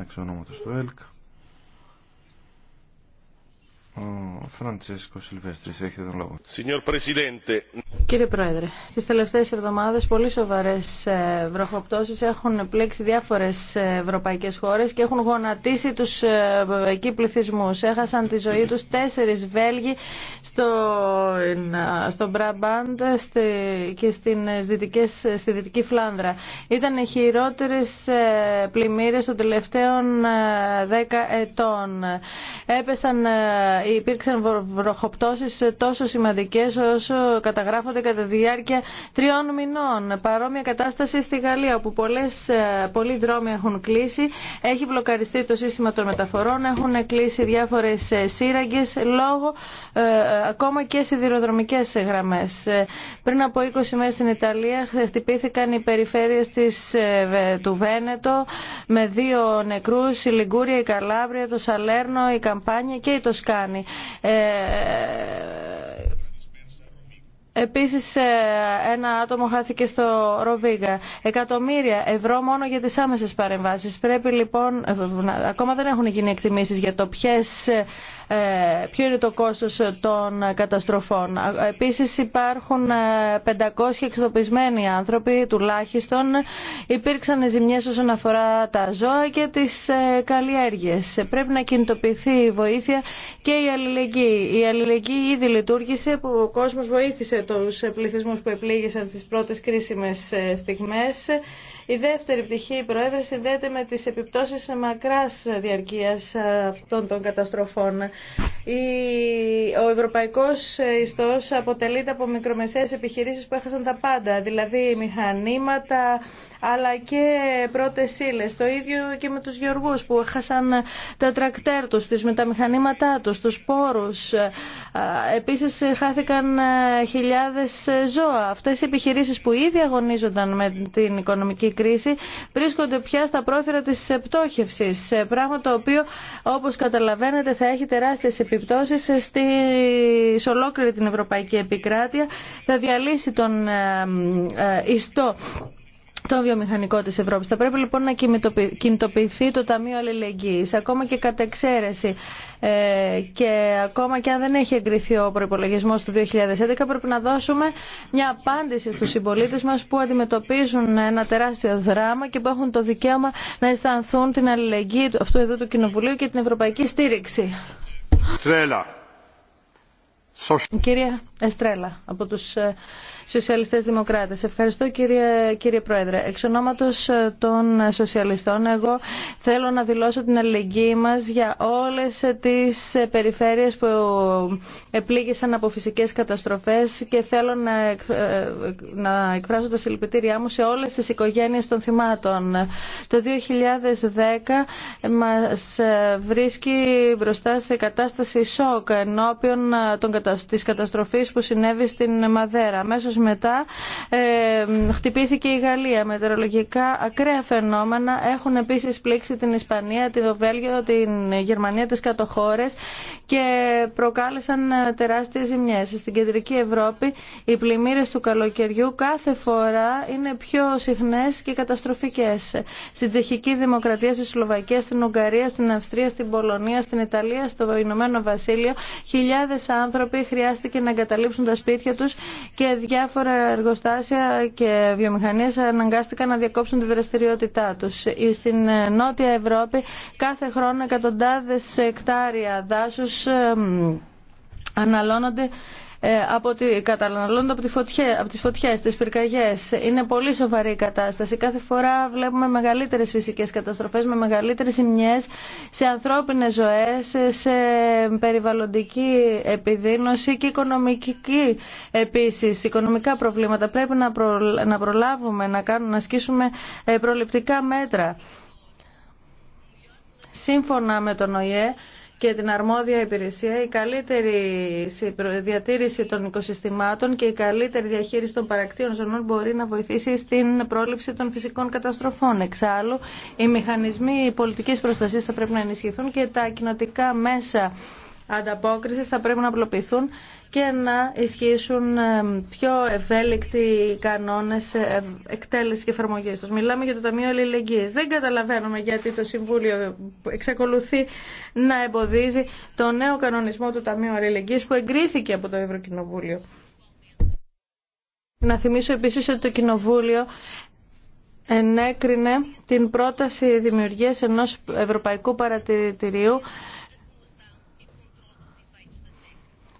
εξ ονόματος του ΕΛΚ. Ο Φραντσέσκο Σιλβέστρης έχει τον λόγο. Κύριε Πρόεδρε, Στι τελευταίε εβδομάδε πολύ σοβαρές ε, βροχοπτώσει έχουν πλέξει διάφορες ε, ευρωπαϊκές χώρες και έχουν γονατίσει τους ε, εκεί πληθυσμού. Έχασαν τη ζωή τους τέσσερις Βέλγοι στο, στο Μπραμπάντ και στην, στη Δυτική Φλάνδρα. Ήταν οι χειρότερες πλημμύρες των τελευταίων δέκα ετών. Έπεσαν, υπήρξαν βροχοπτώσει τόσο σημαντικέ όσο καταγράφονται κατά τη διάρκεια τριών μηνών. Παρόμοια κατάσταση στη Γαλλία, όπου πολλές, ε, πολλοί δρόμοι έχουν κλείσει, έχει μπλοκαριστεί το σύστημα των μεταφορών, έχουν κλείσει διάφορες ε, σύραγγε λόγω ε, ακόμα και σιδηροδρομικέ γραμμέ. Πριν από 20 μέρες στην Ιταλία χτυπήθηκαν οι περιφέρειες της, του Βένετο με δύο νεκρού, η Λιγκούρια, η Καλάβρια, το Σαλέρνο, η Καμπάνια και η Τοσκάνη. Επίσης ε, ένα άτομο χάθηκε στο Ροβίγα. Εκατομμύρια ευρώ μόνο για τις άμεσες παρεμβάσεις. Πρέπει λοιπόν, ε, ακόμα δεν έχουν γίνει εκτιμήσεις για το ποιες, ε, ποιο είναι το κόστος των καταστροφών. Επίσης υπάρχουν 500 εξοπλισμένοι άνθρωποι τουλάχιστον. Υπήρξαν ζημιές όσον αφορά τα ζώα και τις καλλιέργειες. Πρέπει να κινητοποιηθεί η βοήθεια και η αλληλεγγύη. Η αλληλεγγύη ήδη λειτουργήσε που ο κόσμος βοήθησε τους πληθυσμούς που επλήγησαν στις πρώτες κρίσιμες ε, στιγμές. Η δεύτερη πτυχή, η Πρόεδρε, συνδέεται με τις επιπτώσεις μακράς διαρκείας ε, αυτών των καταστροφών ο ευρωπαϊκός ε, Ιστό αποτελείται από μικρομεσαίες επιχειρήσεις που έχασαν τα πάντα, δηλαδή μηχανήματα αλλά και πρώτε ύλε. Το ίδιο και με τους γεωργού που έχασαν τα τρακτέρ τους, τις μεταμηχανήματά τους, τους πόρους. Ε, επίσης ε, χάθηκαν χιλιάδες ζώα. Αυτές οι επιχειρήσεις που ήδη αγωνίζονταν με την οικονομική κρίση βρίσκονται πια στα πρόθυρα τη πτώχευση. πράγμα το οποίο όπως καταλαβαίνετε θα έχει σε ολόκληρη την ευρωπαϊκή επικράτεια. Θα διαλύσει τον ε, ε, ιστό το βιομηχανικό της Ευρώπης. Θα πρέπει λοιπόν να κινητοποιηθεί το Ταμείο Αλληλεγγύης, ακόμα και κατ' εξαίρεση ε, και ακόμα και αν δεν έχει εγκριθεί ο προϋπολογισμός του 2011 πρέπει να δώσουμε μια απάντηση στους συμπολίτες μας που αντιμετωπίζουν ένα τεράστιο δράμα και που έχουν το δικαίωμα να αισθανθούν την αλληλεγγύη αυτού εδώ του Κοινοβουλίου και την ευρωπαϊκή στήριξη. Τρέλα. Κυρία Εστρέλα, από τους ε, Σοσιαλιστές Δημοκράτες. Ευχαριστώ κύριε, κύριε Πρόεδρε. Εξ ονόματος ε, των Σοσιαλιστών, εγώ θέλω να δηλώσω την αλληλεγγύη μας για όλες ε, τις περιφέρειες που επλήγησαν από φυσικές καταστροφές και θέλω να, να εκφράσω τα συλληπιτήριά μου σε όλες τις οικογένειες των θυμάτων. Το 2010 μας βρίσκει μπροστά σε κατάσταση σοκ ενώπιον των της καταστροφής που συνέβη στην Μαδέρα. Αμέσω μετά ε, χτυπήθηκε η Γαλλία. Μετεωρολογικά ακραία φαινόμενα έχουν επίσης πλήξει την Ισπανία, την Βέλγιο, την Γερμανία, τις κατοχώρες και προκάλεσαν ε, τεράστιες ζημιές. Στην κεντρική Ευρώπη οι πλημμύρες του καλοκαιριού κάθε φορά είναι πιο συχνές και καταστροφικές. Στην Τσεχική Δημοκρατία, στη Σλοβακία, στην Ουγγαρία, στην Αυστρία, στην Πολωνία, στην Ιταλία, στο Ηνωμένο Βασίλειο, χιλιάδες άνθρωποι χρειάστηκε να εγκαταλείψουν τα σπίτια τους και διάφορα εργοστάσια και βιομηχανίες αναγκάστηκαν να διακόψουν τη δραστηριότητά τους. Ε, στην ε, Νότια Ευρώπη κάθε χρόνο εκατοντάδες εκτάρια δάσους ε, αναλώνονται ε, από τη, από, τη φωτιέ, από τις φωτιές, τις πυρκαγιές. Είναι πολύ σοβαρή η κατάσταση. Κάθε φορά βλέπουμε μεγαλύτερες φυσικές καταστροφές με μεγαλύτερες σημειές σε ανθρώπινες ζωές, σε περιβαλλοντική επιδείνωση και οικονομική επίσης, οικονομικά προβλήματα. Πρέπει να, να προλάβουμε, να, κάνουμε, να ασκήσουμε ε, προληπτικά μέτρα. Σύμφωνα με τον ΟΗΕ, και την αρμόδια υπηρεσία, η καλύτερη διατήρηση των οικοσυστημάτων και η καλύτερη διαχείριση των παρακτήων ζωνών μπορεί να βοηθήσει στην πρόληψη των φυσικών καταστροφών. Εξάλλου, οι μηχανισμοί πολιτικής προστασίας θα πρέπει να ενισχυθούν και τα κοινοτικά μέσα ανταπόκρισης θα πρέπει να απλοποιηθούν και να ισχύσουν ε, πιο ευέλικτοι κανόνες ε, εκτέλεση και εφαρμογή του. Μιλάμε για το Ταμείο αλληλεγγύη. Δεν καταλαβαίνουμε γιατί το Συμβούλιο εξακολουθεί να εμποδίζει το νέο κανονισμό του Ταμείου Αλληλεγγύη που εγκρίθηκε από το Ευρωκοινοβούλιο. Να θυμίσω επίση ότι το Κοινοβούλιο ενέκρινε την πρόταση δημιουργία ενό Ευρωπαϊκού Παρατηρητηρίου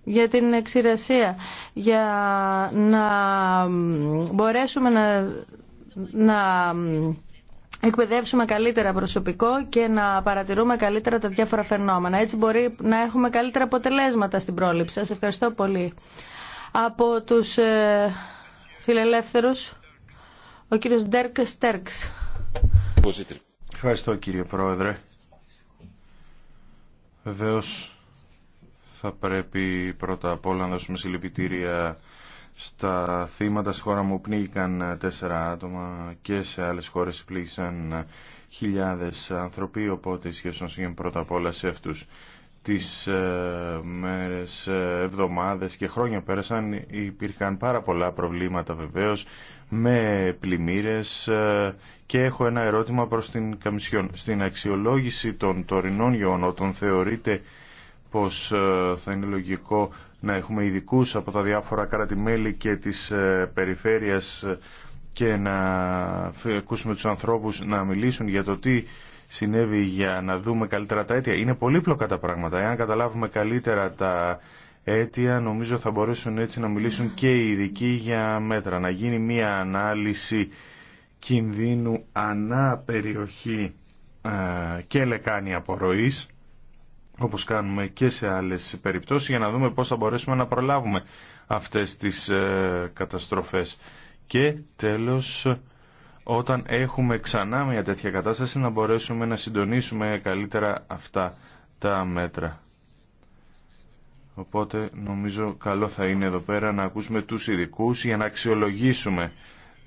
για την εξηρασία, για να μπορέσουμε να, να εκπαιδεύσουμε καλύτερα προσωπικό και να παρατηρούμε καλύτερα τα διάφορα φαινόμενα. Έτσι μπορεί να έχουμε καλύτερα αποτελέσματα στην πρόληψη. Σας ευχαριστώ πολύ. Από τους ε, φιλελεύθερους, ο κύριος Ντέρκ Στέρξ. Ευχαριστώ κύριε Πρόεδρε. Βεβαίως θα πρέπει πρώτα απ' όλα να δώσουμε συλληπιτήρια στα θύματα. Στη χώρα μου πνίγηκαν τέσσερα άτομα και σε άλλες χώρες πλήγησαν χιλιάδες άνθρωποι, οπότε η σχέση μας γίνει πρώτα απ' όλα σε αυτούς. Τις ε, μέρες, ε, εβδομάδες και χρόνια πέρασαν υπήρχαν πάρα πολλά προβλήματα βεβαίως με πλημμύρες ε, και έχω ένα ερώτημα προς την Καμισιόν. Στην αξιολόγηση των τωρινών γεγονότων θεωρείται πως ε, θα είναι λογικό να έχουμε ειδικού από τα διάφορα κράτη-μέλη και της ε, περιφέρειας ε, και να ακούσουμε τους ανθρώπους να μιλήσουν για το τι συνέβη για να δούμε καλύτερα τα αίτια. Είναι πολύπλοκα τα πράγματα. Εάν καταλάβουμε καλύτερα τα αίτια, νομίζω θα μπορέσουν έτσι να μιλήσουν και οι ειδικοί για μέτρα. Να γίνει μια ανάλυση κινδύνου ανά περιοχή και λεκάνη απορροής όπως κάνουμε και σε άλλες περιπτώσεις, για να δούμε πώς θα μπορέσουμε να προλάβουμε αυτές τις ε, καταστροφές. Και τέλος, όταν έχουμε ξανά μια τέτοια κατάσταση, να μπορέσουμε να συντονίσουμε καλύτερα αυτά τα μέτρα. Οπότε νομίζω καλό θα είναι εδώ πέρα να ακούσουμε τους ειδικού για να αξιολογήσουμε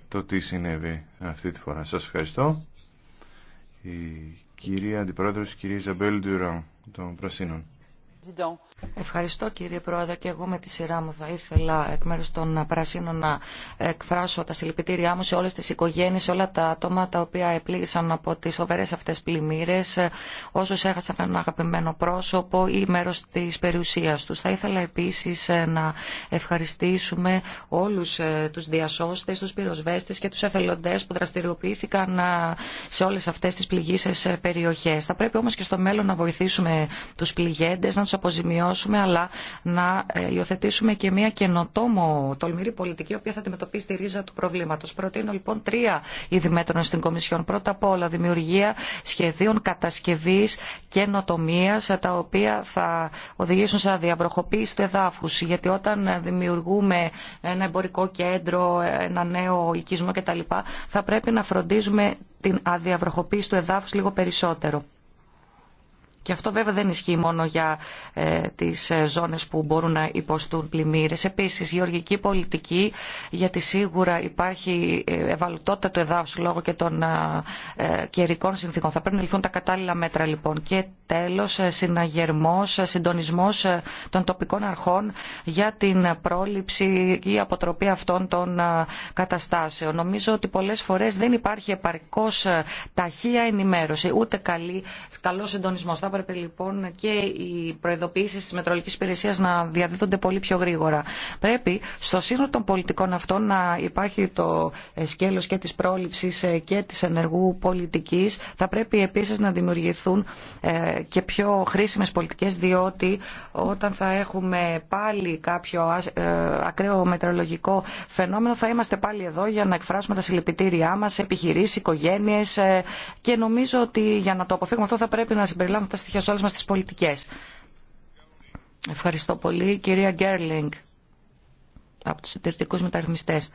το τι συνέβη αυτή τη φορά. Σας ευχαριστώ κυρία Αντιπρόεδρος, κυρία Ιζαμπέλ Ντουραν των Πρασίνων. Ευχαριστώ κύριε Πρόεδρε και εγώ με τη σειρά μου θα ήθελα εκ μέρους των Πρασίνων να εκφράσω τα συλληπιτήριά μου σε όλες τις οικογένειες, σε όλα τα άτομα τα οποία επλήγησαν από τις φοβερές αυτές πλημμύρες, όσους έχασαν ένα αγαπημένο πρόσωπο ή μέρος της περιουσίας τους. Θα ήθελα επίσης ε, να ευχαριστήσουμε όλους ε, τους διασώστες, τους πυροσβέστες και τους εθελοντές που δραστηριοποιήθηκαν ε, σε όλες αυτές τις πληγήσεις περιοχές. Θα πρέπει όμως και στο μέλλον να βοηθήσουμε τους πληγέντες, του αποζημιώσουμε, αλλά να ε, υιοθετήσουμε και μια καινοτόμο τολμηρή πολιτική, η οποία θα αντιμετωπίσει τη ρίζα του προβλήματο. Προτείνω λοιπόν τρία είδη μέτρων στην Κομισιόν. Πρώτα απ' όλα, δημιουργία σχεδίων κατασκευή καινοτομία, τα οποία θα οδηγήσουν σε αδιαβροχοποίηση του εδάφου. Γιατί όταν δημιουργούμε ένα εμπορικό κέντρο, ένα νέο οικισμό κτλ., θα πρέπει να φροντίζουμε την αδιαβροχοποίηση του εδάφου λίγο περισσότερο. Και αυτό βέβαια δεν ισχύει μόνο για ε, τις ε, ζώνες που μπορούν να υποστούν πλημμύρες. Επίσης, γεωργική πολιτική, γιατί σίγουρα υπάρχει ε, ευαλωτότητα του εδάφου λόγω και των καιρικών συνθήκων. Θα πρέπει να ληφθούν τα κατάλληλα μέτρα λοιπόν. Και τέλος, συναγερμός, συντονισμός των τοπικών αρχών για την πρόληψη ή αποτροπή αυτών των καταστάσεων. Νομίζω ότι πολλές φορές δεν υπάρχει επαρκώς ταχεία ενημέρωση, ούτε καλή, καλό συντονισμός έπρεπε λοιπόν και οι προειδοποιήσει τη Μετρολογικής υπηρεσία να διαδίδονται πολύ πιο γρήγορα. Πρέπει στο σύνολο των πολιτικών αυτών να υπάρχει το σκέλος και τη πρόληψη ε, και τη ενεργού πολιτική. Θα πρέπει επίση να δημιουργηθούν ε, και πιο χρήσιμε πολιτικέ διότι όταν θα έχουμε πάλι κάποιο ε, ακραίο μετρολογικό φαινόμενο θα είμαστε πάλι εδώ για να εκφράσουμε τα συλληπιτήριά μα, επιχειρήσει οικογένειες και νομίζω ότι για να το αποφύγουμε αυτό θα πρέπει να συμπεριλάβουμε τα στοιχεία σε όλες μας τις πολιτικές. Ευχαριστώ πολύ. Κυρία Γκέρλινγκ, από τους συντηρητικούς μεταρρυθμιστές.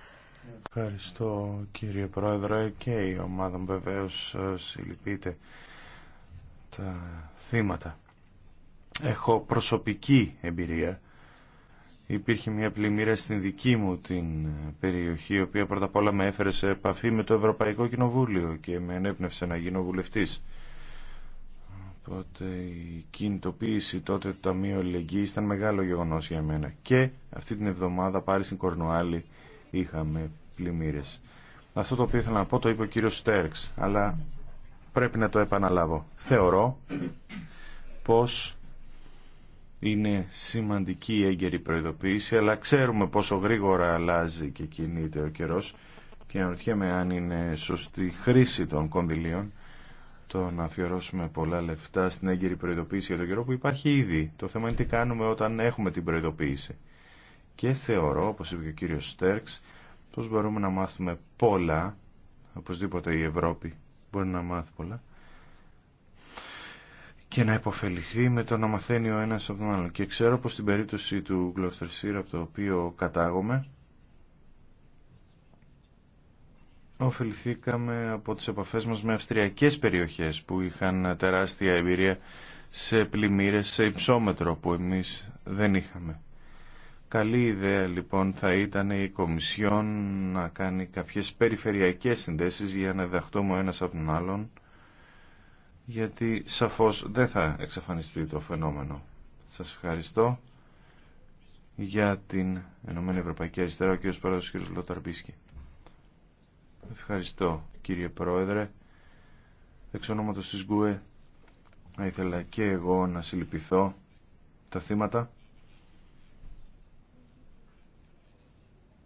Ευχαριστώ κύριε Πρόεδρε και η ομάδα μου βεβαίως ε, συλληπείται τα θύματα. Έχω προσωπική εμπειρία. Υπήρχε μια πλημμύρα στην δική μου την περιοχή, η οποία πρώτα απ' όλα με έφερε σε επαφή με το Ευρωπαϊκό Κοινοβούλιο και με ενέπνευσε να γίνω βουλευτής. Οπότε η κινητοποίηση τότε του Ταμείου Αλληλεγγύης ήταν μεγάλο γεγονός για μένα. Και αυτή την εβδομάδα πάλι στην Κορνουάλη είχαμε πλημμύρες. Αυτό το οποίο ήθελα να πω το είπε ο κύριος Στέρξ, αλλά πρέπει να το επαναλάβω. Θεωρώ πως είναι σημαντική η έγκαιρη προειδοποίηση, αλλά ξέρουμε πόσο γρήγορα αλλάζει και κινείται ο καιρός και αναρωτιέμαι αν είναι σωστή χρήση των κονδυλίων το να αφιερώσουμε πολλά λεφτά στην έγκυρη προειδοποίηση για τον καιρό που υπάρχει ήδη. Το θέμα είναι τι κάνουμε όταν έχουμε την προειδοποίηση. Και θεωρώ, όπως είπε και ο κύριος Στέρξ, πως μπορούμε να μάθουμε πολλά, οπωσδήποτε η Ευρώπη μπορεί να μάθει πολλά, και να υποφεληθεί με το να μαθαίνει ο ένας από τον άλλον. Και ξέρω πως στην περίπτωση του sir από το οποίο κατάγομαι, Οφεληθήκαμε από τις επαφές μας με αυστριακές περιοχές που είχαν τεράστια εμπειρία σε πλημμύρες, σε υψόμετρο που εμείς δεν είχαμε. Καλή ιδέα λοιπόν θα ήταν η Κομισιόν να κάνει κάποιες περιφερειακές συνδέσεις για να διδαχτούμε ο ένας από τον άλλον γιατί σαφώς δεν θα εξαφανιστεί το φαινόμενο. Σας ευχαριστώ για την Ενωμένη ΕΕ, Ευρωπαϊκή Αριστερά ο κ. κ. Ευχαριστώ κύριε Πρόεδρε. Εξ ονόματος της Γκουε θα ήθελα και εγώ να συλληπιθώ τα θύματα.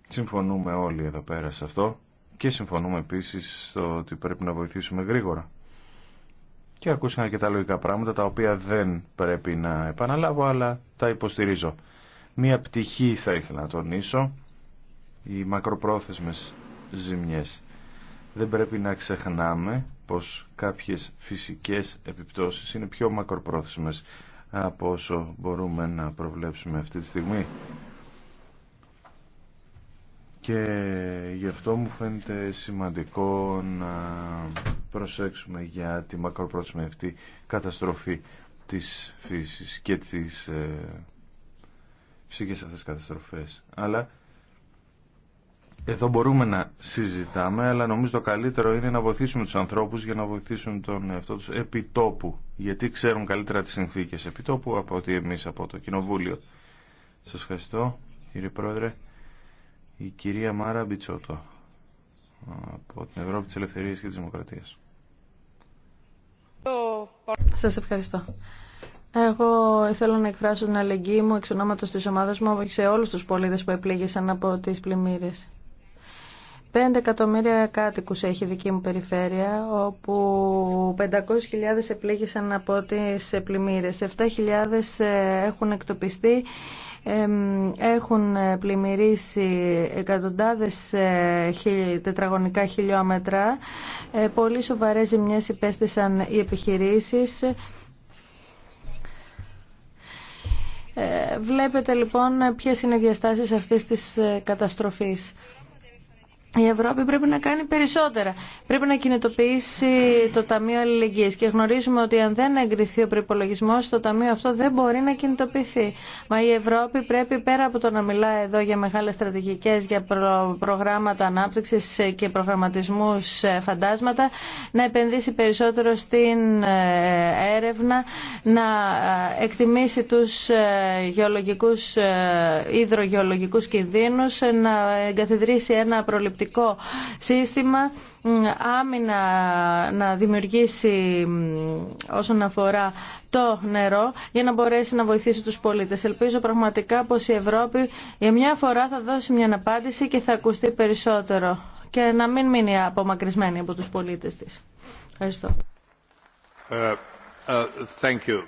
Συμφωνούμε όλοι εδώ πέρα σε αυτό και συμφωνούμε επίσης στο ότι πρέπει να βοηθήσουμε γρήγορα. Και ακούσαμε αρκετά λογικά πράγματα τα οποία δεν πρέπει να επαναλάβω αλλά τα υποστηρίζω. Μία πτυχή θα ήθελα να τονίσω, οι μακροπρόθεσμες ζημιές δεν πρέπει να ξεχνάμε πως κάποιες φυσικές επιπτώσεις είναι πιο μακροπρόθεσμες από όσο μπορούμε να προβλέψουμε αυτή τη στιγμή. Και γι' αυτό μου φαίνεται σημαντικό να προσέξουμε για τη μακροπρόθεσμη αυτή καταστροφή της φύσης και της ε, φυσικές αυτές καταστροφές. Αλλά εδώ μπορούμε να συζητάμε, αλλά νομίζω το καλύτερο είναι να βοηθήσουμε τους ανθρώπους για να βοηθήσουν τον εαυτό τους επιτόπου. Γιατί ξέρουν καλύτερα τις συνθήκες επιτόπου από ότι εμείς από το Κοινοβούλιο. Σας ευχαριστώ, κύριε Πρόεδρε. Η κυρία Μάρα Μπιτσότο από την Ευρώπη της Ελευθερίας και της Δημοκρατίας. Σας ευχαριστώ. Εγώ θέλω να εκφράσω την αλληλεγγύη μου εξ ονόματος της ομάδας μου σε όλους τους πολίτες που επλήγησαν από τις πλημμύρε. 5 εκατομμύρια κάτοικους έχει η δική μου περιφέρεια, όπου 500.000 επλήγησαν από τις πλημμύρες. 7.000 ε, έχουν εκτοπιστεί, έχουν ε, πλημμυρίσει εκατοντάδες ε, τετραγωνικά χιλιόμετρα. Πολύ σοβαρές ζημιές υπέστησαν οι επιχειρήσεις. Βλέπετε λοιπόν ποιες είναι οι διαστάσεις αυτής της καταστροφής η Ευρώπη πρέπει να κάνει περισσότερα. Πρέπει να κινητοποιήσει το Ταμείο Αλληλεγγύης και γνωρίζουμε ότι αν δεν εγκριθεί ο προπολογισμό, το Ταμείο αυτό δεν μπορεί να κινητοποιηθεί. Μα η Ευρώπη πρέπει πέρα από το να μιλάει εδώ για μεγάλες στρατηγικές, για προγράμματα ανάπτυξης και προγραμματισμούς ε, φαντάσματα, να επενδύσει περισσότερο στην ε, έρευνα, να ε, εκτιμήσει τους γεωλογικούς, υδρογεωλογικούς κινδύνους, να εγκαθιδρύσει ένα προληπτικό σύστημα άμυνα να δημιουργήσει όσον αφορά το νερό για να μπορέσει να βοηθήσει τους πολίτες. Ελπίζω πραγματικά πως η Ευρώπη για μια φορά θα δώσει μια απάντηση και θα ακουστεί περισσότερο και να μην μείνει απομακρυσμένη από τους πολίτες της. Ευχαριστώ. Uh, uh, thank you.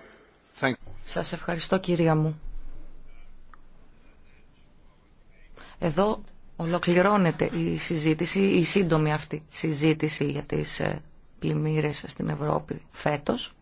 Thank Σας ευχαριστώ κυρία μου. Εδώ Ολοκληρώνεται η συζήτηση, η σύντομη αυτή συζήτηση για τις ε, πλημμύρες στην Ευρώπη φέτος.